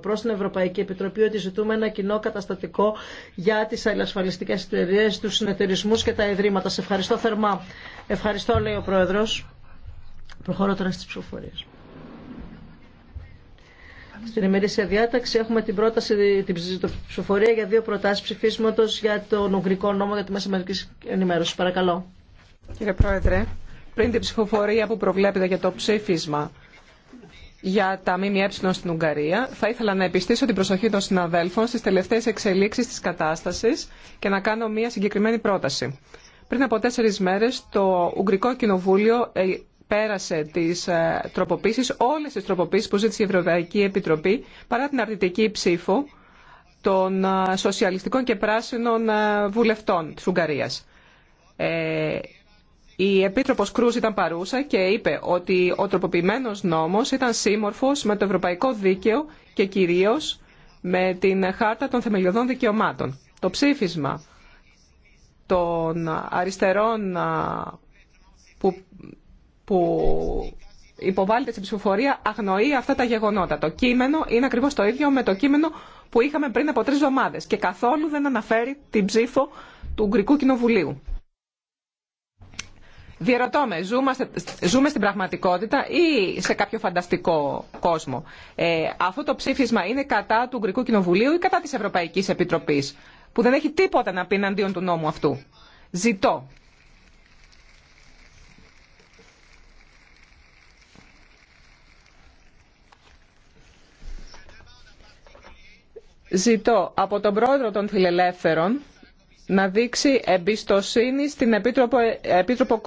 προ την Ευρωπαϊκή Επιτροπή ότι ζητούμε ένα κοινό καταστατικό για τι αλληλασφαλιστικέ εταιρείε, του συνεταιρισμού και τα ιδρύματα. Σε ευχαριστώ θερμά. Ευχαριστώ, λέει ο Πρόεδρο. Προχωρώ τώρα στι ψηφοφορίε. Στην ημερήσια διάταξη έχουμε την, πρόταση, την ψηφοφορία για δύο προτάσει ψηφίσματο για τον Ουγγρικό νόμο για τη Μέσα Μαζική Ενημέρωση. Παρακαλώ. Κύριε Πρόεδρε, πριν την ψηφοφορία που προβλέπετε για το ψήφισμα για τα ΜΜΕ στην Ουγγαρία, θα ήθελα να επιστήσω την προσοχή των συναδέλφων στις τελευταίες εξελίξεις της κατάστασης και να κάνω μία συγκεκριμένη πρόταση. Πριν από τέσσερις μέρες, το Ουγγρικό Κοινοβούλιο ε, πέρασε τις ε, τροποποίησεις, όλες τις τροποποίησεις που ζήτησε η Ευρωπαϊκή Επιτροπή, παρά την αρνητική ψήφο των ε, σοσιαλιστικών και πράσινων βουλευτών της Ουγγαρίας. Η Επίτροπος Κρούς ήταν παρούσα και είπε ότι ο τροποποιημένος νόμος ήταν σύμμορφος με το ευρωπαϊκό δίκαιο και κυρίως με την Χάρτα των Θεμελιωδών Δικαιωμάτων. Το ψήφισμα των αριστερών που, που υποβάλλεται στην ψηφοφορία αγνοεί αυτά τα γεγονότα. Το κείμενο είναι ακριβώς το ίδιο με το κείμενο που είχαμε πριν από τρεις εβδομάδες και καθόλου δεν αναφέρει την ψήφο του Ουγγρικού Κοινοβουλίου. Διερωτώ με, ζούμε στην πραγματικότητα ή σε κάποιο φανταστικό κόσμο. Ε, αυτό το ψήφισμα είναι κατά του Ουγγρικού Κοινοβουλίου ή κατά της Ευρωπαϊκής Επιτροπής, που δεν έχει τίποτα να πει εναντίον του νόμου αυτού. Ζητώ. Ζητώ από τον πρόεδρο των φιλελεύθερων να δείξει εμπιστοσύνη στην Επίτροπο, Επίτροπο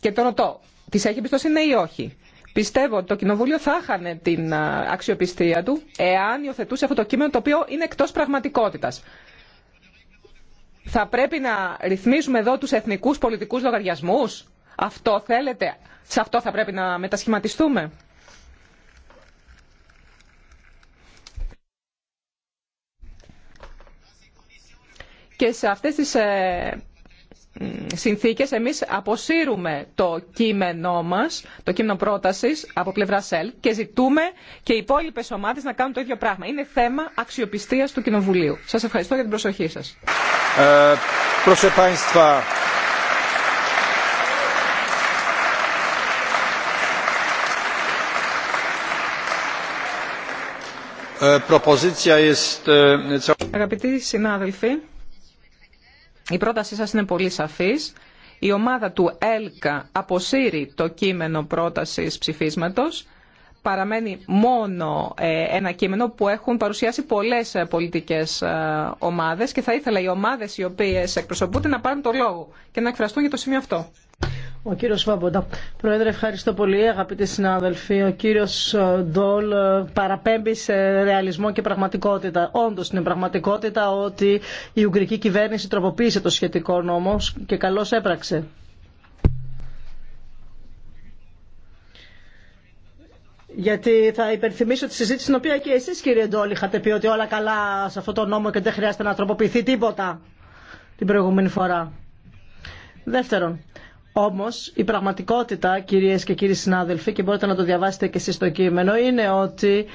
και τον ρωτώ, της έχει εμπιστοσύνη ή όχι. Πιστεύω ότι το Κοινοβούλιο θα χάνε την αξιοπιστία του εάν υιοθετούσε αυτό το κείμενο το οποίο είναι εκτός πραγματικότητας. Θα πρέπει να ρυθμίζουμε εδώ τους εθνικούς πολιτικούς λογαριασμούς. Αυτό θέλετε. Σε αυτό θα πρέπει να μετασχηματιστούμε. Και σε αυτές τις ε, συνθήκες εμείς αποσύρουμε το κείμενό μας, το κείμενο πρότασης από πλευρά ΣΕΛ και ζητούμε και οι υπόλοιπες ομάδες να κάνουν το ίδιο πράγμα. Είναι θέμα αξιοπιστίας του Κοινοβουλίου. Σας ευχαριστώ για την προσοχή σας. Ε, e, e, Αγαπητοί συνάδελφοι, η πρότασή σας είναι πολύ σαφής. Η ομάδα του ΕΛΚΑ αποσύρει το κείμενο πρότασης ψηφίσματος. Παραμένει μόνο ε, ένα κείμενο που έχουν παρουσιάσει πολλές ε, πολιτικές ε, ομάδες και θα ήθελα οι ομάδες οι οποίες εκπροσωπούνται να πάρουν το λόγο και να εκφραστούν για το σημείο αυτό. Ο κύριο Φάμποντα. Πρόεδρε, ευχαριστώ πολύ, αγαπητοί συνάδελφοι. Ο κύριο ε, Ντόλ ε, παραπέμπει σε ρεαλισμό και πραγματικότητα. Όντω, είναι πραγματικότητα ότι η Ουγγρική κυβέρνηση τροποποίησε το σχετικό νόμο και καλώ έπραξε. Γιατί θα υπενθυμίσω τη συζήτηση στην οποία και εσεί, κύριε Ντόλ, είχατε πει ότι όλα καλά σε αυτό το νόμο και δεν χρειάζεται να τροποποιηθεί τίποτα την προηγούμενη φορά. Δεύτερον, όμως η πραγματικότητα κυρίες και κύριοι συνάδελφοι και μπορείτε να το διαβάσετε και εσεί στο κείμενο είναι ότι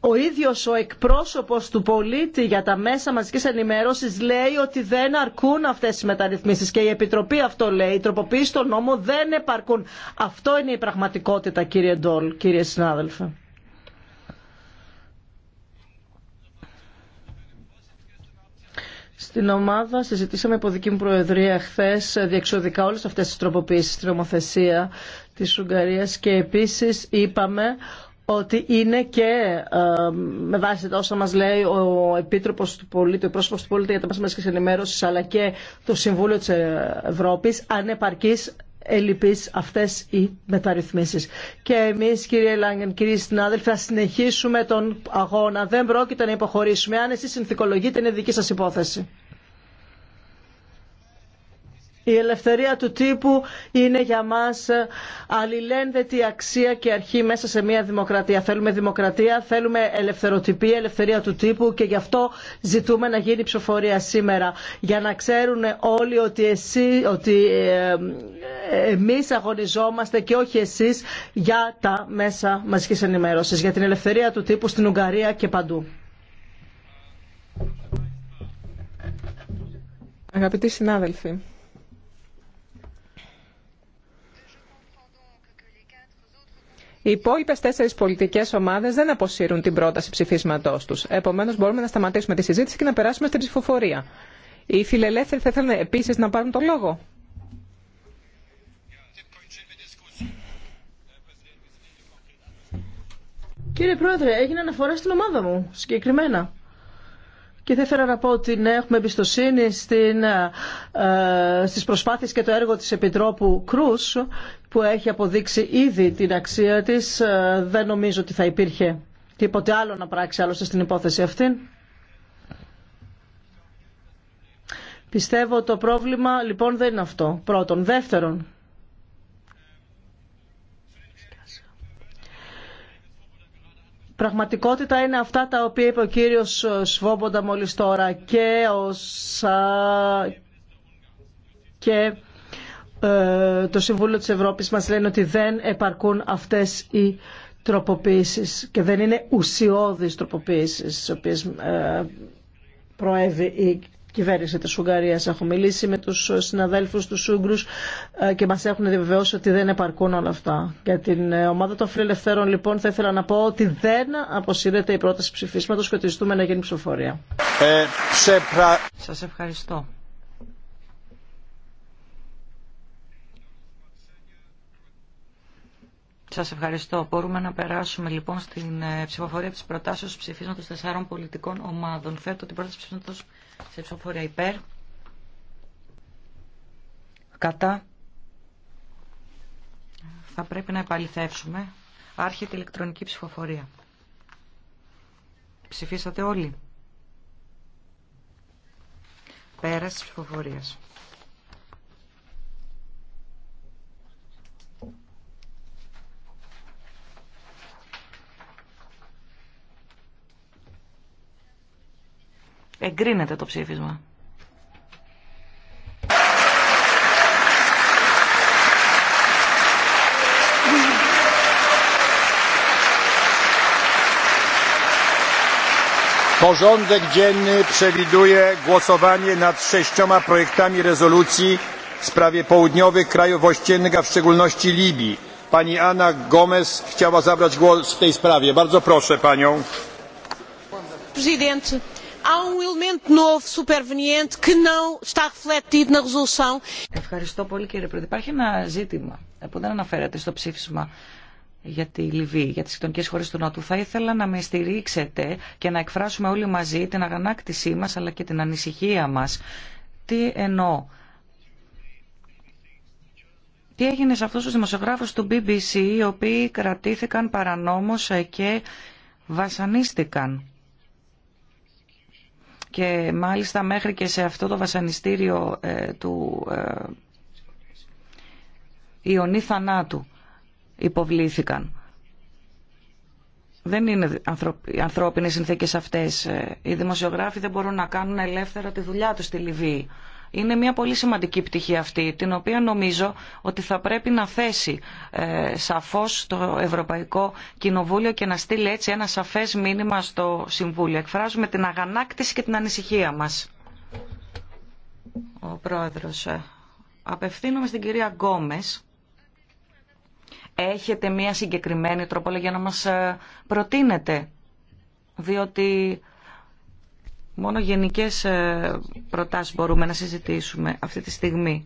ο ίδιος ο εκπρόσωπος του πολίτη για τα μέσα μαζική ενημέρωση λέει ότι δεν αρκούν αυτές οι μεταρρυθμίσεις και η Επιτροπή αυτό λέει, η τροποποίηση των νόμων δεν επαρκούν. Αυτό είναι η πραγματικότητα κύριε Ντόλ, κύριε συνάδελφε. Στην ομάδα συζητήσαμε υπό δική μου προεδρία χθε διεξοδικά όλε αυτέ τι τροποποιήσει στην ομοθεσία τη Ουγγαρία και επίση είπαμε ότι είναι και ε, με βάση τα όσα μας λέει ο Επίτροπος του Πολίτη, ο πρόσωπος του Πολίτη για τα μέσα και ενημέρωση, αλλά και το Συμβούλιο της Ευρώπης, ανεπαρκής ελλειπείς αυτές οι μεταρρυθμίσεις. Και εμείς κύριε Λάγκεν, κύριοι συνάδελφοι, θα συνεχίσουμε τον αγώνα. Δεν πρόκειται να υποχωρήσουμε. Αν εσεί συνθηκολογείτε είναι δική σας υπόθεση. Η ελευθερία του τύπου είναι για μας αλληλένδετη αξία και αρχή μέσα σε μια δημοκρατία. Θέλουμε δημοκρατία, θέλουμε ελευθεροτυπία, ελευθερία του τύπου και γι' αυτό ζητούμε να γίνει ψηφοφορία σήμερα. Για να ξέρουν όλοι ότι, εσύ, ότι ε, εμείς αγωνιζόμαστε και όχι εσείς για τα μέσα μαζικής ενημέρωσης, για την ελευθερία του τύπου στην Ουγγαρία και παντού. Αγαπητοί συνάδελφοι, Οι υπόλοιπε τέσσερι πολιτικέ ομάδε δεν αποσύρουν την πρόταση ψηφίσματό του. Επομένω, μπορούμε να σταματήσουμε τη συζήτηση και να περάσουμε στην ψηφοφορία. Οι φιλελεύθεροι θα ήθελαν επίση να πάρουν το λόγο. Κύριε Πρόεδρε, έγινε αναφορά στην ομάδα μου, συγκεκριμένα. Και θα ήθελα να πω ότι ναι, έχουμε εμπιστοσύνη στην, ε, ε, στις προσπάθειες και το έργο της Επιτρόπου Κρούς που έχει αποδείξει ήδη την αξία της. Ε, δεν νομίζω ότι θα υπήρχε τίποτε άλλο να πράξει άλλωστε στην υπόθεση αυτή. Πιστεύω το πρόβλημα λοιπόν δεν είναι αυτό. Πρώτον. Δεύτερον, πραγματικότητα είναι αυτά τα οποία είπε ο κύριος ε, Σβόμποντα μόλις τώρα και Σα... και ε, το Συμβούλιο της Ευρώπης μας λένε ότι δεν επαρκούν αυτές οι τροποποίησεις και δεν είναι ουσιώδεις τροποποίησεις στις οποίες ε, προέβη η κυβέρνηση της Ουγγαρίας. Έχω μιλήσει με τους συναδέλφους του Ούγγρους ε, και μας έχουν διαβεβαιώσει ότι δεν επαρκούν όλα αυτά. Για την ε, ομάδα των φιλελευθέρων λοιπόν θα ήθελα να πω ότι δεν αποσύρεται η πρόταση ψηφίσματος και ότι ζητούμε να γίνει ψηφοφορία. Ε, Σας ευχαριστώ. Σας ευχαριστώ. Μπορούμε να περάσουμε λοιπόν στην ε, ψηφοφορία της προτάσεως ψηφίσματος τεσσάρων πολιτικών ομάδων. Φέτο την πρόταση ψηφίσματος σε ψηφοφορία υπέρ. Κατά. Θα πρέπει να επαληθεύσουμε. Άρχεται η ηλεκτρονική ψηφοφορία. Ψηφίσατε όλοι. Πέρας της ψηφοφορίας. Εγκρίνεται το ψήφισμα. Porządek dzienny przewiduje głosowanie nad sześcioma projektami rezolucji w sprawie południowych krajów ościennych, a w szczególności Libii. Pani Anna Gomez chciała zabrać głos w tej sprawie. Bardzo proszę panią. Presidente, Um não está refletido na resolução. Ευχαριστώ πολύ κύριε Πρόεδρε. Υπάρχει ένα ζήτημα που δεν αναφέρεται στο ψήφισμα για τη Λιβύη, για τις κοινωνικές χώρες του Νότου. Θα ήθελα να με στηρίξετε και να εκφράσουμε όλοι μαζί την αγανάκτησή μας αλλά και την ανησυχία μας. Τι εννοώ. Τι έγινε σε αυτούς τους δημοσιογράφους του BBC οι οποίοι κρατήθηκαν παρανόμως και βασανίστηκαν και μάλιστα μέχρι και σε αυτό το βασανιστήριο ε, του ε, Ιωνί θανάτου υποβλήθηκαν. Δεν είναι ανθρώπινες συνθήκες αυτές. Ε, οι δημοσιογράφοι δεν μπορούν να κάνουν ελεύθερα τη δουλειά τους στη Λιβύη. Είναι μια πολύ σημαντική πτυχή αυτή, την οποία νομίζω ότι θα πρέπει να θέσει ε, σαφώς το Ευρωπαϊκό Κοινοβούλιο και να στείλει έτσι ένα σαφές μήνυμα στο Συμβούλιο. Εκφράζουμε την αγανάκτηση και την ανησυχία μας. Ο Πρόεδρος, ε, απευθύνομαι στην κυρία Γκόμες. Έχετε μια συγκεκριμένη τρόπο, για να μας ε, προτείνετε, διότι Μόνο γενικές ε, προτάσεις μπορούμε να συζητήσουμε αυτή τη στιγμή.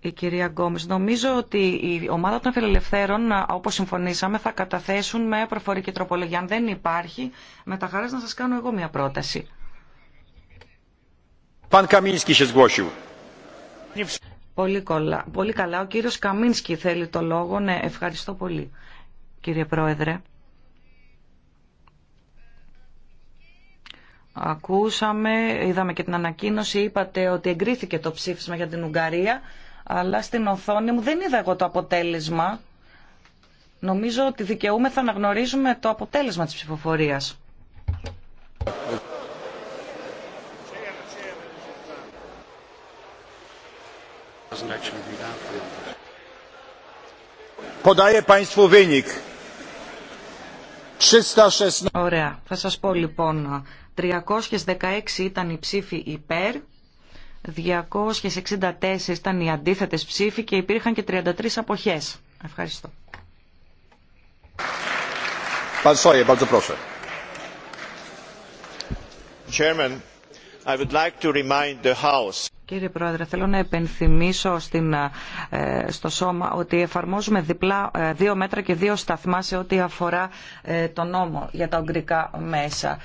Η κυρία Γκόμες, νομίζω ότι η ομάδα των φιλελευθέρων, όπω συμφωνήσαμε, θα καταθέσουν με προφορική τροπολογία. Αν δεν υπάρχει, με τα χαράς να σας κάνω εγώ μια πρόταση. Παν Πολύ, πολύ καλά. Ο κύριος Καμίνσκι θέλει το λόγο. Ναι, ευχαριστώ πολύ, κύριε Πρόεδρε. Ακούσαμε, είδαμε και την ανακοίνωση, είπατε ότι εγκρίθηκε το ψήφισμα για την Ουγγαρία, αλλά στην οθόνη μου δεν είδα εγώ το αποτέλεσμα. Νομίζω ότι δικαιούμεθα να γνωρίζουμε το αποτέλεσμα της ψηφοφορίας. Ωραία. Θα σας πω λοιπόν 316 ήταν οι ψήφοι υπέρ, 264 ήταν οι αντίθετες ψήφοι και υπήρχαν και 33 αποχές. Ευχαριστώ. Chairman, I would like to remind the House. Κύριε Πρόεδρε, θέλω να επενθυμίσω ε, στο σώμα ότι εφαρμόζουμε διπλά ε, δύο μέτρα και δύο σταθμά σε ό,τι αφορά ε, το νόμο για τα ογκρικά μέσα.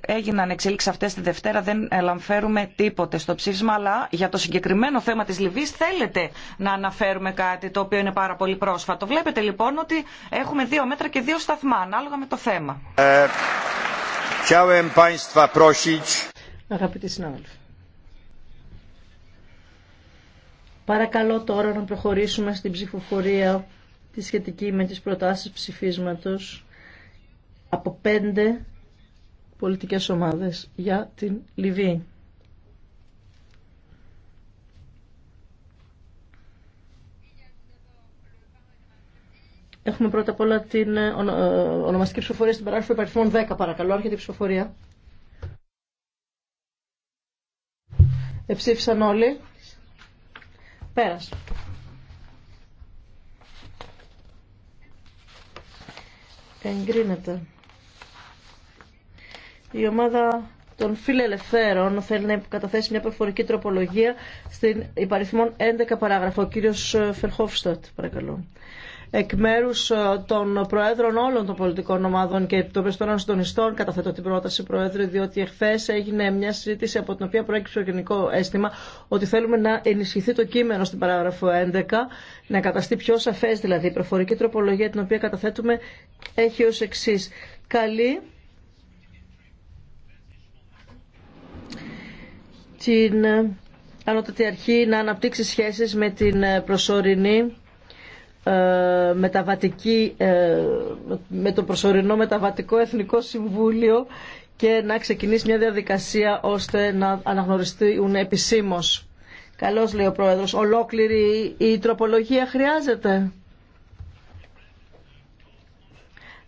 έγιναν εξελίξεις αυτές τη Δευτέρα, δεν ελαμφέρουμε τίποτε στο ψήφισμα, αλλά για το συγκεκριμένο θέμα της Λιβύης θέλετε να αναφέρουμε κάτι το οποίο είναι πάρα πολύ πρόσφατο. Βλέπετε λοιπόν ότι έχουμε δύο μέτρα και δύο σταθμά ανάλογα με το θέμα. Ε, Αγαπητοί Παρακαλώ τώρα να προχωρήσουμε στην ψηφοφορία τη σχετική με τις προτάσεις ψηφίσματος από πέντε πολιτικές ομάδες για την Λιβύη. Έχουμε πρώτα απ' όλα την ε, ε, ονομαστική ψηφοφορία στην παράγραφο υπαριθμών 10, παρακαλώ, άρχεται η ψηφοφορία. Εψήφισαν όλοι. Πέρασε. Εγκρίνεται. Η ομάδα των φιλελευθέρων θέλει να καταθέσει μια προφορική τροπολογία στην υπαριθμόν 11 παράγραφο. Ο κύριος ε, Φερχόφστατ, παρακαλώ εκ μέρου ε, των Προέδρων όλων των πολιτικών ομάδων και των Πεστών Συντονιστών καταθέτω την πρόταση, Προέδρε, διότι εχθέ έγινε μια συζήτηση από την οποία προέκυψε ο γενικό αίσθημα ότι θέλουμε να ενισχυθεί το κείμενο στην παράγραφο 11, να καταστεί πιο σαφέ δηλαδή. Η προφορική τροπολογία την οποία καταθέτουμε έχει ω εξή. Καλή την ανώτατη αρχή να αναπτύξει σχέσεις με την προσωρινή ε, μεταβατική, ε, με το προσωρινό μεταβατικό εθνικό συμβούλιο και να ξεκινήσει μια διαδικασία ώστε να αναγνωριστούν επισήμως. Καλώς λέει ο Πρόεδρος, ολόκληρη η τροπολογία χρειάζεται.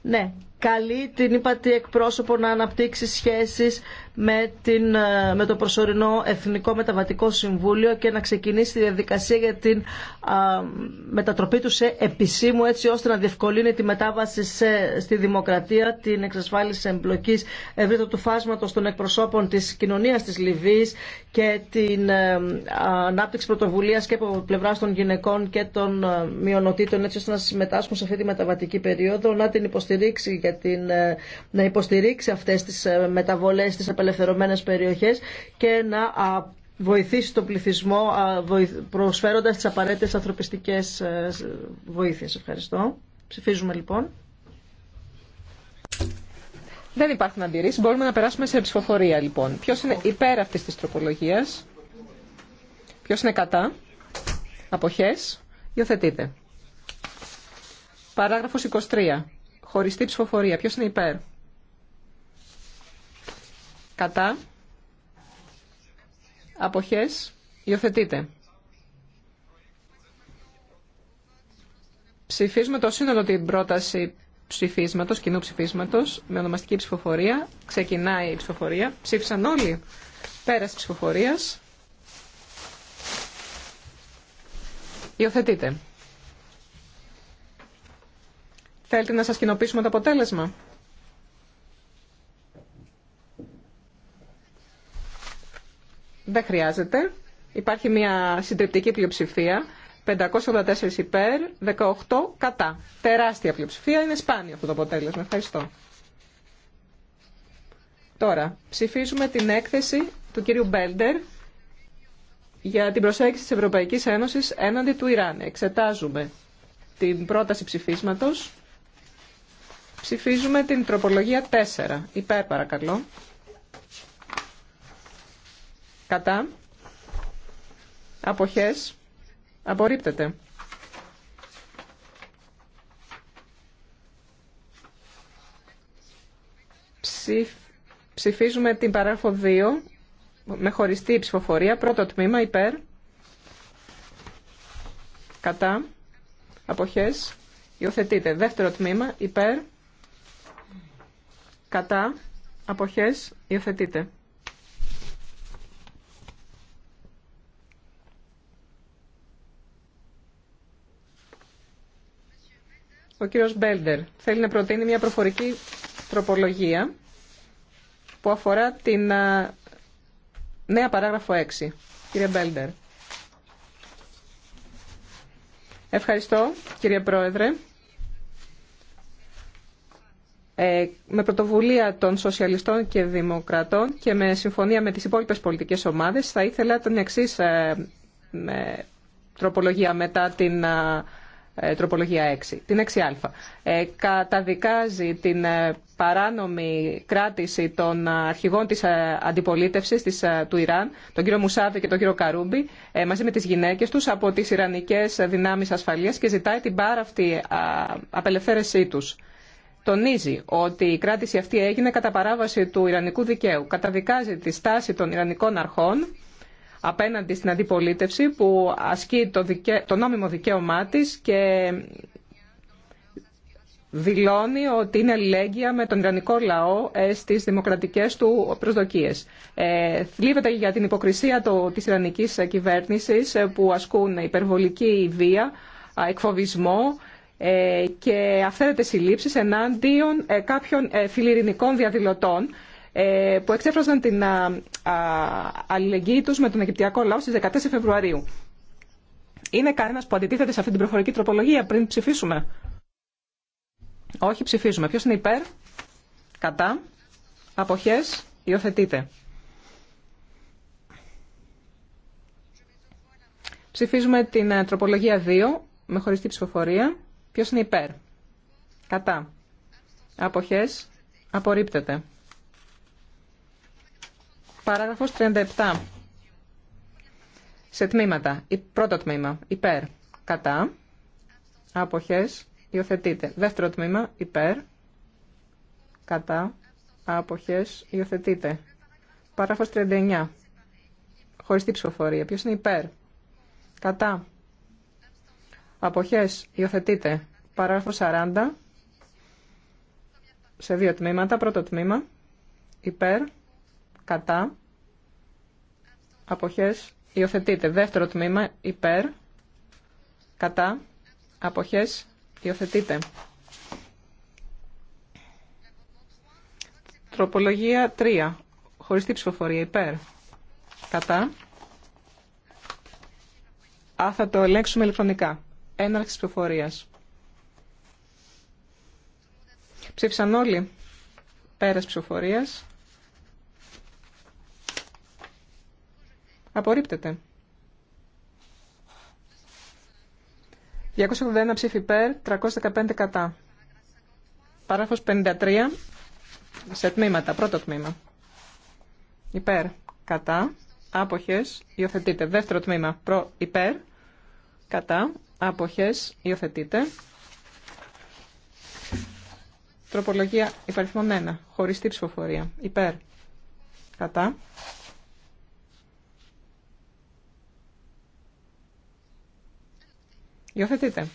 Ναι, καλή την υπατή εκπρόσωπο να αναπτύξει σχέσεις με, την, ε, με το προσωρινό Εθνικό Μεταβατικό Συμβούλιο και να ξεκινήσει τη διαδικασία για την μετατροπή του σε επισήμου έτσι ώστε να διευκολύνει τη μετάβαση στη δημοκρατία, την εξασφάλιση εμπλοκή ευρύτερου του φάσματο των εκπροσώπων τη κοινωνία τη Λιβύη και την α, ε, ανάπτυξη πρωτοβουλία και από πλευρά των γυναικών και των ε, μειονοτήτων έτσι ώστε να συμμετάσχουν σε αυτή τη μεταβατική περίοδο, να την υποστηρίξει για την, να υποστηρίξει αυτές τις μεταβολές, απελευθερωμένες περιοχές και να βοηθήσει τον πληθυσμό προσφέροντας τις απαραίτητες ανθρωπιστικές ε, βοήθειες. Ευχαριστώ. Ψηφίζουμε λοιπόν. Δεν υπάρχουν αντιρρήσει. Μπορούμε να περάσουμε σε ψηφοφορία λοιπόν. Ποιο είναι υπέρ αυτή της τροπολογίας. Ποιο είναι κατά. Αποχές. Υιοθετείτε. Παράγραφο 23. Χωριστή ψηφοφορία. Ποιο είναι υπέρ. Κατά. Αποχές. Υιοθετείτε. Ψηφίζουμε το σύνολο την πρόταση ψηφίσματος, κοινού ψηφίσματος, με ονομαστική ψηφοφορία. Ξεκινάει η ψηφοφορία. Ψήφισαν όλοι πέρας ψηφοφορίας. Υιοθετείτε. Θέλετε να σας κοινοποιήσουμε το αποτέλεσμα. Δεν χρειάζεται. Υπάρχει μια συντριπτική πλειοψηφία. 584 υπέρ, 18 κατά. Τεράστια πλειοψηφία. Είναι σπάνιο αυτό το αποτέλεσμα. Ευχαριστώ. Τώρα, ψηφίζουμε την έκθεση του κυρίου Μπέλντερ για την προσέγγιση της Ευρωπαϊκής Ένωσης έναντι του Ιράν. Εξετάζουμε την πρόταση ψηφίσματος. Ψηφίζουμε την τροπολογία 4. Υπέρ παρακαλώ. Κατά. Αποχές. Απορρίπτεται. Ψηφίζουμε την παράγραφο 2 με χωριστή ψηφοφορία. Πρώτο τμήμα υπέρ. Κατά. Αποχές. υιοθετείται. Δεύτερο τμήμα υπέρ. Κατά. Αποχές. Υιοθετείτε. Ο κύριος Μπέλντερ θέλει να προτείνει μια προφορική τροπολογία που αφορά την νέα παράγραφο 6. Κύριε Μπέλντερ. Ευχαριστώ, κύριε Πρόεδρε. Ε, με πρωτοβουλία των Σοσιαλιστών και Δημοκρατών και με συμφωνία με τις υπόλοιπες πολιτικές ομάδες θα ήθελα την εξή ε, με, τροπολογία μετά την ε, τροπολογία 6, την 6α. Ε, καταδικάζει την ε, παράνομη κράτηση των αρχηγών της αντιπολίτευσης της, του Ιράν, τον κύριο Μουσάβη και τον κύριο Καρούμπη, μαζί με τις γυναίκες τους από τις Ιρανικές δυνάμεις ασφαλείας και ζητάει την πάρα αυτή απελευθέρωσή τους. Τονίζει ότι η κράτηση αυτή έγινε κατά παράβαση του Ιρανικού δικαίου. Καταδικάζει τη στάση των Ιρανικών αρχών απέναντι στην αντιπολίτευση που ασκεί το, το νόμιμο δικαίωμά της και δηλώνει ότι είναι αλληλέγγυα με τον Ιρανικό λαό ε, στις δημοκρατικές του προσδοκίες. Ε, θλίβεται για την υποκρισία το, της Ιρανικής κυβέρνησης ε, που ασκούν υπερβολική βία, εκφοβισμό ε, και αυθαίρετες συλλήψεις εναντίον ε, κάποιων φιλιρινικών διαδηλωτών ε, που εξέφραζαν την αλληλεγγύη τους με τον Αιγυπτιακό λαό στις 14 Φεβρουαρίου. Είναι κανένα που αντιτίθεται σε αυτή την προφορική τροπολογία πριν ψηφίσουμε. Όχι, ψηφίζουμε. Ποιος είναι υπέρ, κατά, αποχές, Υιοθετείτε. Ψηφίζουμε την ε, τροπολογία 2 με χωριστή ψηφοφορία. Ποιος είναι υπέρ. Κατά. Αποχές. Απορρίπτεται. Παράγραφος 37. Σε τμήματα. πρώτο τμήμα. Υπέρ. Κατά. Αποχές. Υιοθετείτε. Δεύτερο τμήμα. Υπέρ. Κατά. Αποχές. Υιοθετείτε. Παράγραφος 39. Χωριστή ψηφοφορία. Ποιος είναι υπέρ. Κατά. Αποχές. Υιοθετείτε. Παράγραφος 40. Σε δύο τμήματα. Πρώτο τμήμα. Υπέρ κατά, αποχές, υιοθετείται. Δεύτερο τμήμα, υπέρ, κατά, αποχές, υιοθετείται. Τροπολογία 3. Χωριστή ψηφοφορία υπέρ. Κατά. Α, θα το ελέγξουμε ηλεκτρονικά. Έναρξη ψηφοφορίας. Ψήφισαν όλοι. Πέρας ψηφοφορίας. Απορρίπτεται. 281 ψήφι υπέρ, 315 κατά. Παράγραφος 53 σε τμήματα. Πρώτο τμήμα. Υπέρ, κατά, άποχες, υιοθετείτε. Δεύτερο τμήμα, προ, υπέρ, κατά, άποχες, υιοθετείτε. Τροπολογία υπαριθμών 1. Χωριστή ψηφοφορία. Υπέρ. Κατά. Υιοθετείτε.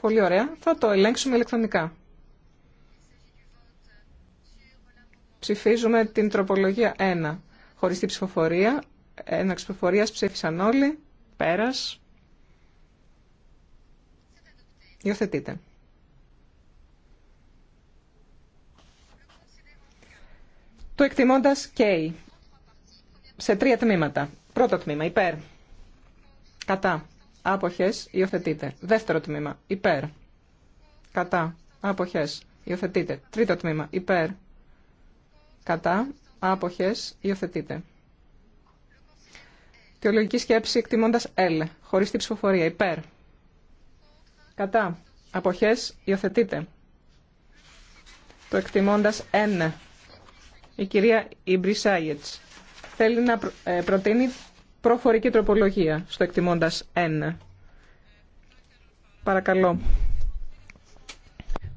Πολύ ωραία. Θα το ελέγξουμε ηλεκτρονικά. Ψηφίζουμε την τροπολογία 1. Χωριστή ψηφοφορία. Ένα ψηφοφορία ψήφισαν όλοι. Πέρας. Υιοθετείτε. Το εκτιμώντας K σε τρία τμήματα. Πρώτο τμήμα, υπέρ. Κατά. Άποχες, υιοθετείτε. Δεύτερο τμήμα, υπέρ. Κατά. Άποχες, υιοθετείτε. Τρίτο τμήμα, υπέρ. Κατά. Άποχες, υιοθετείτε. Θεολογική σκέψη εκτιμώντα L, Χωρί την ψηφοφορία, υπέρ. Κατά. Αποχές, υιοθετείτε. Το εκτιμώντα N, η κυρία Ιμπρισάγετς θέλει να ε, προτείνει προφορική τροπολογία στο εκτιμώντας n. Παρακαλώ.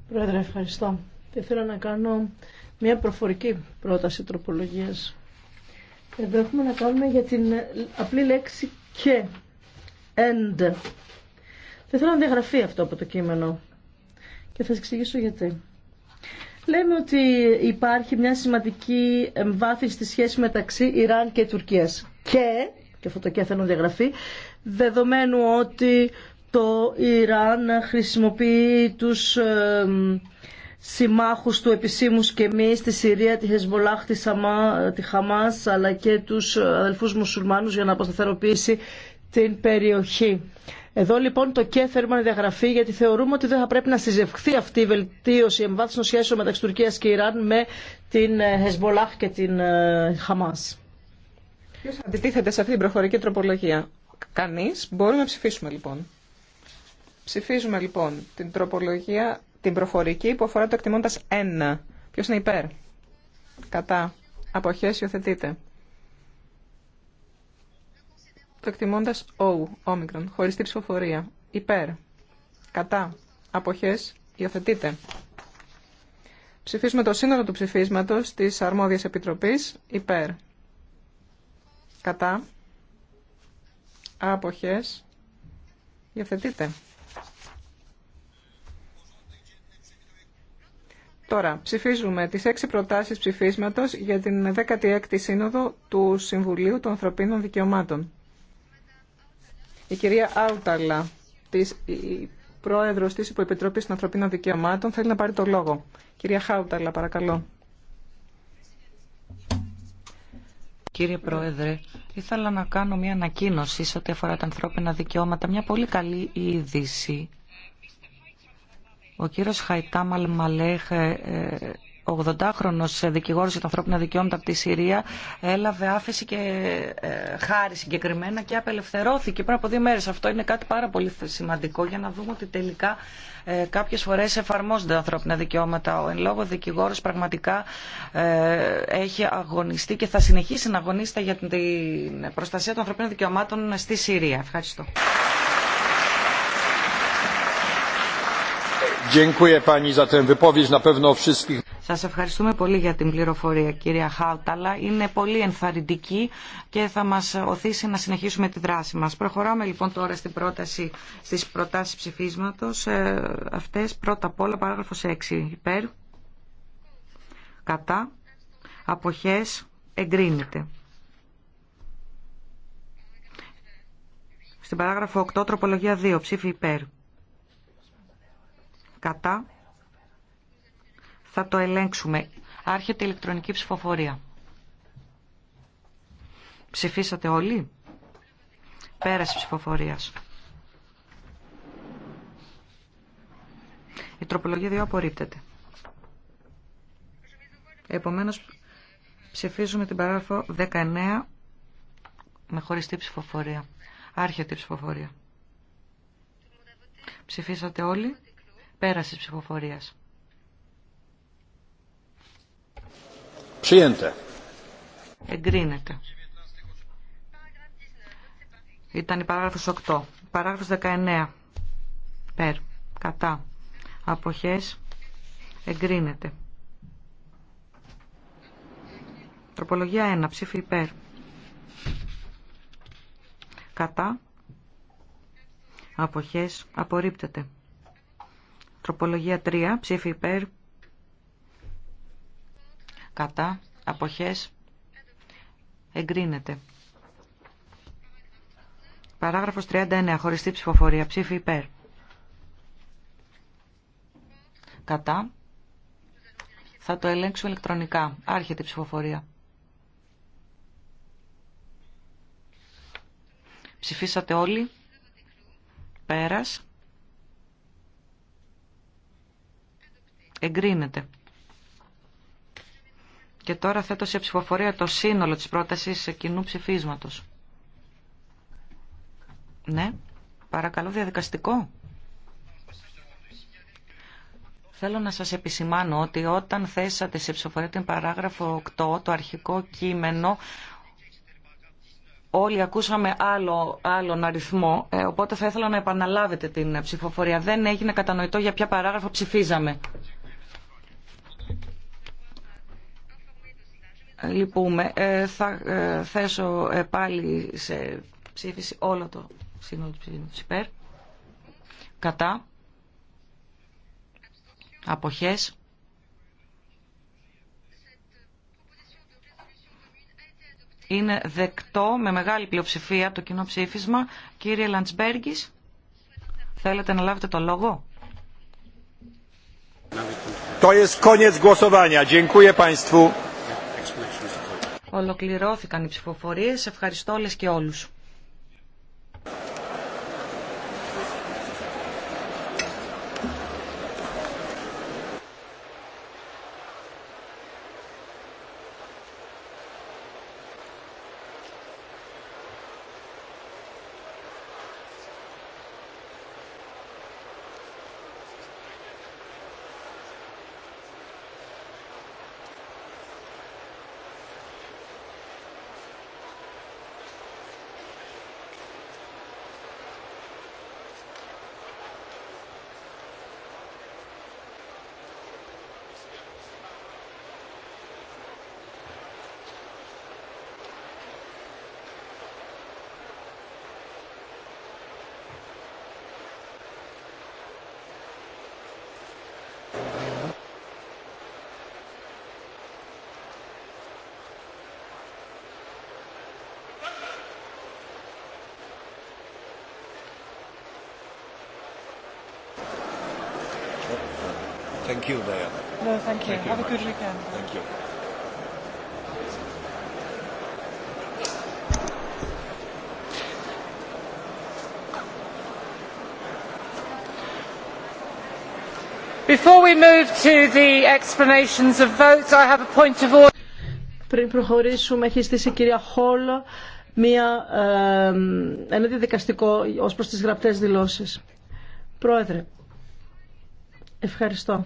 Πρόεδρε, ευχαριστώ. θέλω να κάνω μια προφορική πρόταση τροπολογίας. Εδώ έχουμε να κάνουμε για την ε, απλή λέξη και. End. Δεν θέλω να διαγραφεί αυτό από το κείμενο. Και θα σας εξηγήσω γιατί λέμε ότι υπάρχει μια σημαντική βάθη στη σχέση μεταξύ Ιράν και Τουρκίας. Και, και αυτό το και θέλω διαγραφή, δεδομένου ότι το Ιράν χρησιμοποιεί τους ε, του επισήμους και εμεί, στη Συρία, τη Χεσμολάχ, τη, τη Χαμάς αλλά και τους αδελφούς μουσουλμάνους για να αποσταθεροποιήσει την περιοχή. Εδώ λοιπόν το και θέλουμε να διαγραφεί γιατί θεωρούμε ότι δεν θα πρέπει να συζευχθεί αυτή η βελτίωση εμβάθυνσης εμβάθυνση των σχέσεων μεταξύ Τουρκία και Ιράν με την Χεσμολάχ και την ε, Χαμά. Ποιο αντιτίθεται σε αυτή την προφορική τροπολογία. Κανεί. Μπορούμε να ψηφίσουμε λοιπόν. Ψηφίζουμε λοιπόν την τροπολογία, την προφορική που αφορά το εκτιμώντα 1. Ποιο είναι υπέρ. Κατά. Αποχέ υιοθετείται το εκτιμώντας O, όμικρον, τη ψηφοφορία, υπέρ, κατά, αποχές, υιοθετείτε. Ψηφίσουμε το σύνολο του ψηφίσματος της αρμόδιας επιτροπής, υπέρ, κατά, αποχές, υιοθετείτε. Τώρα, ψηφίζουμε τις έξι προτάσεις ψηφίσματος για την 16η Σύνοδο του Συμβουλίου των Ανθρωπίνων Δικαιωμάτων. Η κυρία Άουταλα, της, η πρόεδρος της Υποεπιτροπής των Ανθρωπίνων Δικαιωμάτων, θέλει να πάρει το λόγο. Κυρία Χάουταλα, παρακαλώ. Κύριε Πρόεδρε, ήθελα να κάνω μια ανακοίνωση σε ό,τι αφορά τα ανθρώπινα δικαιώματα. Μια πολύ καλή είδηση. Ο κύριος Χαϊτάμαλ Μαλέχ... Ε, ε, 80 χρονο δικηγόρος για τα ανθρώπινα δικαιώματα από τη Συρία έλαβε άφηση και ε, χάρη συγκεκριμένα και απελευθερώθηκε πριν από δύο μέρε. Αυτό είναι κάτι πάρα πολύ σημαντικό για να δούμε ότι τελικά ε, κάποιες φορές εφαρμόζονται ανθρώπινα δικαιώματα. Ο εν λόγω δικηγόρο πραγματικά ε, έχει αγωνιστεί και θα συνεχίσει να αγωνίσει για την προστασία των ανθρωπίνων δικαιωμάτων στη Συρία. Ευχαριστώ. Dziękuję pani za tę wypowiedź. Na pewno wszystkich. Σας ευχαριστούμε πολύ για την πληροφορία κυρία Χάουταλα. Είναι πολύ ενθαρρυντική και θα μας οθήσει να συνεχίσουμε τη δράση μας. Προχωράμε λοιπόν τώρα στην πρόταση, στις προτάσεις ψηφίσματος. Ε, αυτές πρώτα απ' όλα παράγραφος 6 υπέρ, κατά, αποχές, εγκρίνεται. Στην παράγραφο 8 τροπολογία 2 ψήφι υπέρ. Κατά θα το ελέγξουμε. Άρχεται η ηλεκτρονική ψηφοφορία. Ψηφίσατε όλοι. Πέραση ψηφοφορίας. Η τροπολογία 2 απορρίπτεται. Επομένως ψηφίζουμε την παράγραφο 19 με χωριστή ψηφοφορία. Άρχεται η ψηφοφορία. Ψηφίσατε όλοι. Πέραση ψηφοφορίας. Εγκρίνεται. Ήταν η παράγραφος 8. Παράγραφος 19. Περ. Κατά. Αποχές. Εγκρίνεται. Τροπολογία 1. Ψήφι υπέρ. Κατά. Αποχές. Απορρίπτεται. Τροπολογία 3. Ψήφι υπέρ κατά, αποχές, εγκρίνεται. Παράγραφος 39. Χωριστή ψηφοφορία. Ψήφι υπέρ. Κατά. Θα το ελέγξω ηλεκτρονικά. Άρχεται η ψηφοφορία. Ψηφίσατε όλοι. Πέρας. Εγκρίνεται. Και τώρα θέτω σε ψηφοφορία το σύνολο της πρότασης κοινού ψηφίσματος. Ναι, παρακαλώ διαδικαστικό. Θέλω να σας επισημάνω ότι όταν θέσατε σε ψηφοφορία την παράγραφο 8, το αρχικό κείμενο, όλοι ακούσαμε άλλο, άλλον αριθμό, ε, οπότε θα ήθελα να επαναλάβετε την ψηφοφορία. Δεν έγινε κατανοητό για ποια παράγραφο ψηφίζαμε. Λυπούμε. Ε, θα ε, θέσω ε, πάλι σε ψήφιση όλο το σύνολο του ψήφιματος υπέρ. Κατά. Αποχές. Είναι δεκτό με μεγάλη πλειοψηφία το κοινό ψήφισμα. Κύριε Λαντσμπέργκης, θέλετε να λάβετε το λόγο. Ολοκληρώθηκαν οι ψηφοφορίες. Ευχαριστώ όλες και όλους. Thank you, Diana. No, thank you. Have a good weekend. Thank you. Before we move to the explanations of votes, I have a point of order. Πριν προχωρήσουμε, έχει στήσει η κυρία Χόλ μία, ε, ένα διδικαστικό ως προς τις γραπτές δηλώσεις. Πρόεδρε, ευχαριστώ.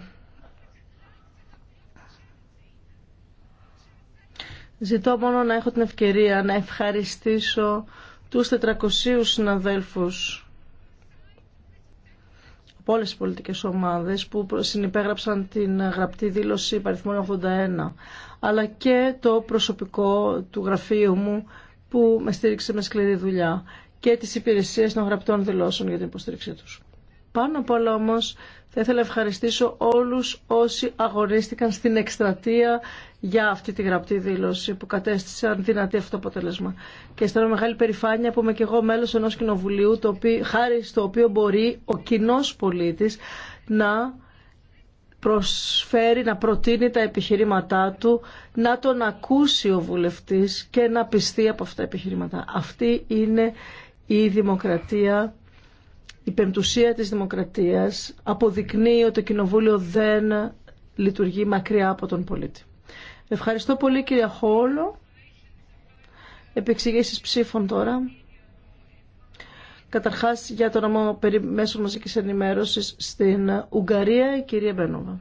Ζητώ μόνο να έχω την ευκαιρία να ευχαριστήσω τους 400 συναδέλφους από όλες τις πολιτικές ομάδες που συνυπέγραψαν την γραπτή δήλωση παριθμών 81 αλλά και το προσωπικό του γραφείου μου που με στήριξε με σκληρή δουλειά και τις υπηρεσίες των γραπτών δηλώσεων για την υποστήριξή τους. Πάνω απ' όλα όμως θα ήθελα να ευχαριστήσω όλους όσοι αγωνίστηκαν στην εκστρατεία για αυτή τη γραπτή δήλωση που κατέστησαν δυνατή αυτό το αποτέλεσμα. Και αισθάνομαι μεγάλη περηφάνεια που είμαι και εγώ μέλος ενός κοινοβουλίου το οποίο, χάρη στο οποίο μπορεί ο κοινό πολίτης να προσφέρει, να προτείνει τα επιχειρήματά του, να τον ακούσει ο βουλευτής και να πιστεί από αυτά τα επιχειρήματα. Αυτή είναι η δημοκρατία η πεμπτουσία της δημοκρατίας αποδεικνύει ότι το Κοινοβούλιο δεν λειτουργεί μακριά από τον πολίτη. Ευχαριστώ πολύ κυρία Χόλο. Επεξηγήσεις ψήφων τώρα. Καταρχάς για το νόμο περί μέσων μαζικής ενημέρωσης στην Ουγγαρία, η κυρία Μπένοβα.